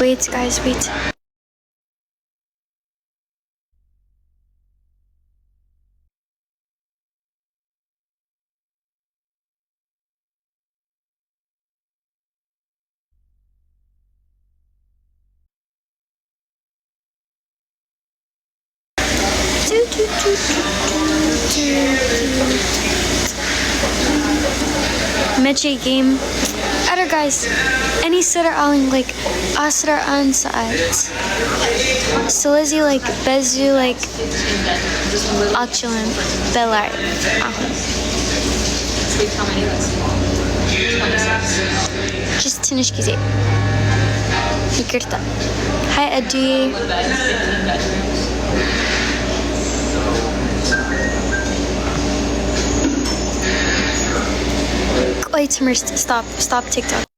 Wait, guys, wait. Magic game other guys, any die sit er in like as er So is like bezu like actually belar. Uh-huh. Just tinish kizi. Hi Eddie. wait, Samir, stop, stop TikTok.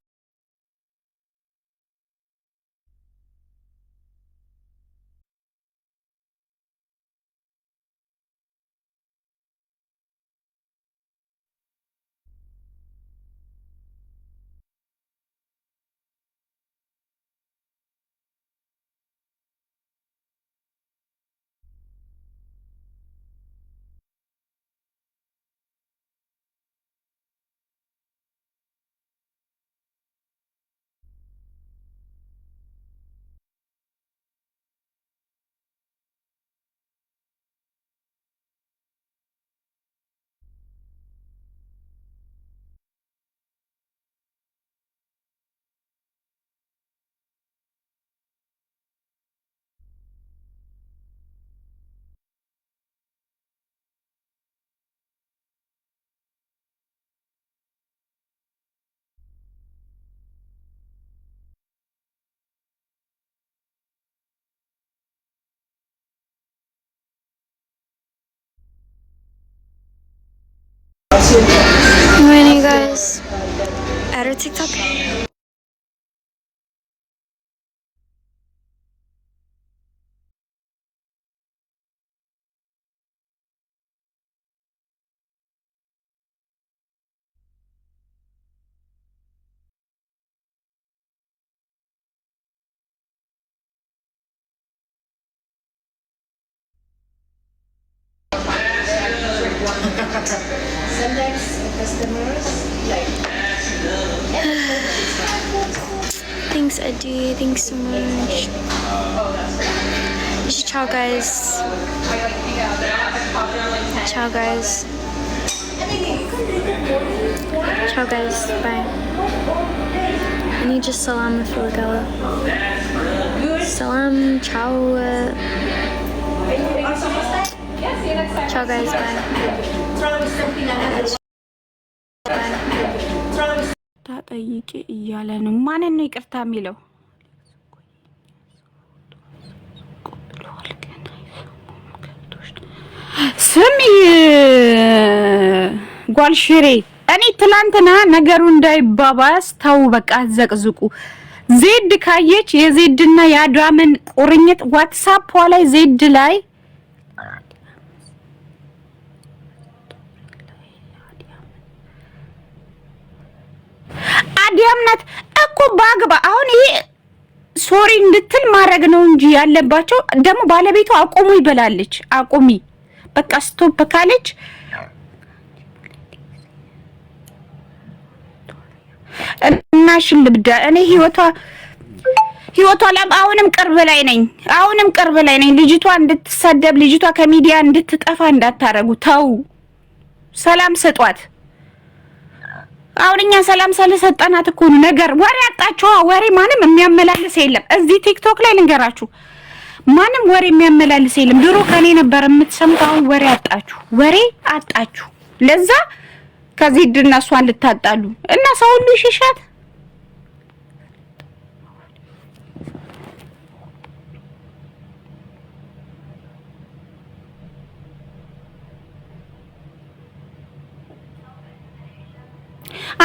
Morning, guys. At our TikTok. vendors customers. Like Thanks Eddie. thanks so much. Ciao guys. Ciao guys. Ciao guys, bye. I need just salam with Filagawa. Salam, ciao. Ciao guys, bye. ታጠይቄ እያለ ነው። ማንን ነው ይቅርታ የሚለው? ስሚ ጓልሽሬ፣ እኔ ትላንትና ነገሩ እንዳይባባስ ተው በቃ ዘቅዝቁ። ዜድ ካየች የዜድና የአዳምን ቁርኝት ዋትሳፕ ላይ ዜድ ላይ ዲያምናት እኮ በአግባ አሁን ይሄ ሶሪ እንድትል ማድረግ ነው እንጂ ያለባቸው። ደግሞ ባለቤቱ አቁሙ ይበላለች። አቁሚ በቃ ስቶፕ ካለች እናሽ ልብዳ እኔ ህይወቷ ህይወቷ አሁንም ቅርብ ላይ ነኝ። አሁንም ቅርብ ላይ ነኝ። ልጅቷ እንድትሰደብ ልጅቷ ከሚዲያ እንድትጠፋ እንዳታረጉ። ተው፣ ሰላም ስጧት። አሁን እኛ ሰላም ስለሰጠናት እኮ ነው ነገር ወሬ አጣችኋ። ወሬ ማንም የሚያመላልስ የለም እዚህ ቲክቶክ ላይ ልንገራችሁ፣ ማንም ወሬ የሚያመላልስ የለም። ድሮ ከኔ ነበር የምትሰሙት። አሁን ወሬ አጣችሁ፣ ወሬ አጣችሁ። ለዛ ከዚህ ድና እሷን ልታጣሉ እና ሰው ሁሉ ይሽሻት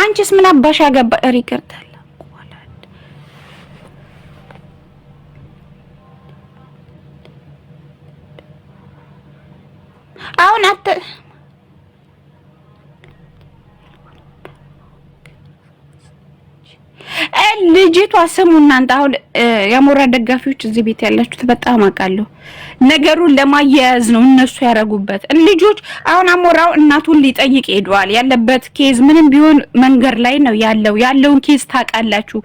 አንቺስ ምን አባሽ ያገባ? ይቅርታል ልጅቷ ስሙ እናንተ አሁን የአሞራ ደጋፊዎች እዚህ ቤት ያላችሁት በጣም አውቃለሁ። ነገሩን ለማያያዝ ነው እነሱ ያደረጉበት። ልጆች አሁን አሞራው እናቱን ሊጠይቅ ሄደዋል። ያለበት ኬዝ ምንም ቢሆን መንገድ ላይ ነው ያለው። ያለውን ኬዝ ታውቃላችሁ።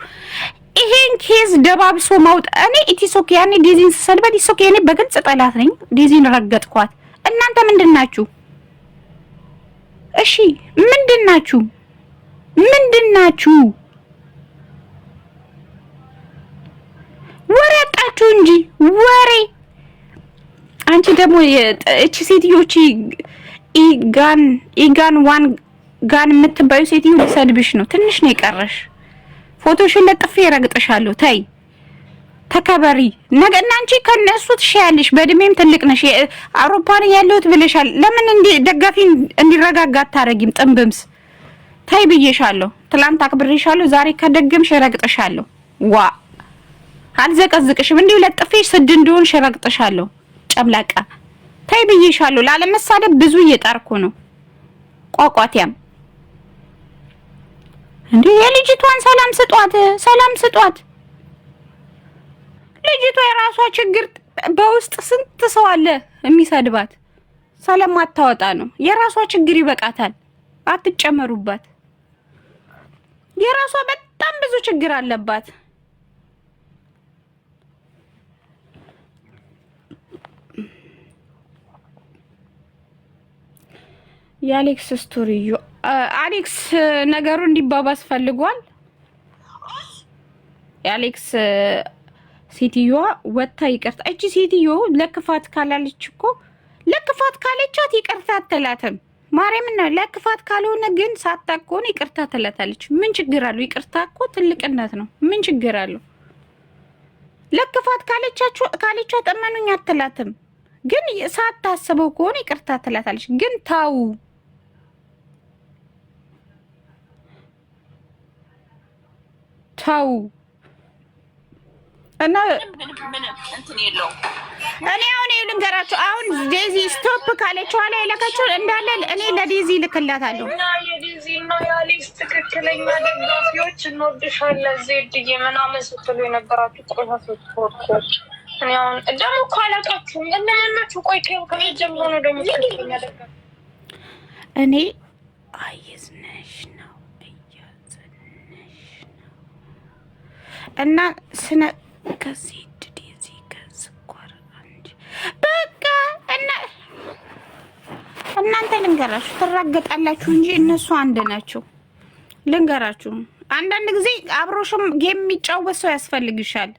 ይሄን ኬዝ ደባብሶ ማውጣ እኔ ኢቲሶኬ ያኔ ዲዚን ስሰድበት ኢሶኬ እኔ በግልጽ ጠላት ነኝ። ዲዚን ረገጥኳት። እናንተ ምንድን ናችሁ? እሺ ምንድን ናችሁ? ምንድን ናችሁ? እንጂ ወሬ። አንቺ ደግሞ እቺ ሴትዮች ኢጋን ኢጋን ዋን ጋን የምትባዩ ሴትዮ ሊሰድብሽ ነው። ትንሽ ነው የቀረሽ። ፎቶሽን ለጥፌ ረግጥሻለሁ። ተይ ተከበሪ። ነገ እናንቺ ከነሱ ትሻያለሽ። በእድሜም ትልቅ ነሽ። አውሮፓን ያለሁት ብለሻል። ለምን እንዲ ደጋፊ እንዲረጋጋ አታረጊም? ጥንብምስ ተይ ብዬሻለሁ። ትላንት አክብሬሻለሁ። ዛሬ ከደግምሽ ረግጥሻለሁ። ዋ አልዘቀዝቅሽም። እንዲሁ ለጥፌሽ ስድ እንዲሆን ሽረግጥሻለሁ። ጨምላቃ ተይ ብዬሻለሁ። ላለመሳደብ ብዙ እየጣርኩ ነው። ቋቋቲያም እንዴ የልጅቷን ሰላም ስጧት፣ ሰላም ስጧት። ልጅቷ የራሷ ችግር በውስጥ ስንት ሰው አለ የሚሰድባት ሰላም አታወጣ ነው። የራሷ ችግር ይበቃታል፣ አትጨመሩባት። የራሷ በጣም ብዙ ችግር አለባት። የአሌክስ ስቶሪ እዩ። አሌክስ ነገሩ እንዲባባስ ፈልጓል። የአሌክስ ሴትዮዋ ወታ ይቅርታ። እቺ ሴትዮ ለክፋት ካላለች እኮ ለክፋት ካለቻት ይቅርታ አትላትም። ማርያም ና ለክፋት ካልሆነ ግን ሳታውቅ ከሆነ ይቅርታ ትላታለች። ምን ችግር አለው? ይቅርታ እኮ ትልቅነት ነው። ምን ችግር አለው? ለክፋት ካለቻት እመኑኝ አትላትም። ግን ሳታስበው ከሆነ ይቅርታ ትላታለች። ግን ታው ቻው እና እኔ አሁን ልንገራቸው። አሁን ዴዚ ስቶፕ ካለች ኋላ የለከችው እንዳለ እኔ ለዴዚ ልክላታለሁ። እና የዴዚ እና የአሌክስ ትክክለኛ ደጋፊዎች እንወድሻለን ዜድዬ ምናምን ስትሉ የነበራችሁ ቆሻሾች እኔ አሁን ደግሞ እኮ ቆይ ነው ደግሞ እኔ አየዝ እና ስነ ከዚህ ድድ የዚህ ከስኳር አንድ በቃ እና እናንተ ልንገራችሁ ትራገጣላችሁ እንጂ እነሱ አንድ ናቸው። ልንገራችሁ አንዳንድ ጊዜ አብሮሽም የሚጫወት ሰው ያስፈልግሻል።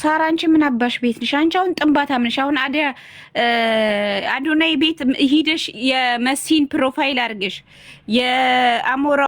ሳራ አንቺ ምን አባሽ ቤት ነሽ? አንቺ አሁን ጥንባታም ነሽ። አሁን አዶናይ ቤት ሂደሽ የመሲን ፕሮፋይል አድርገሽ የአሞራ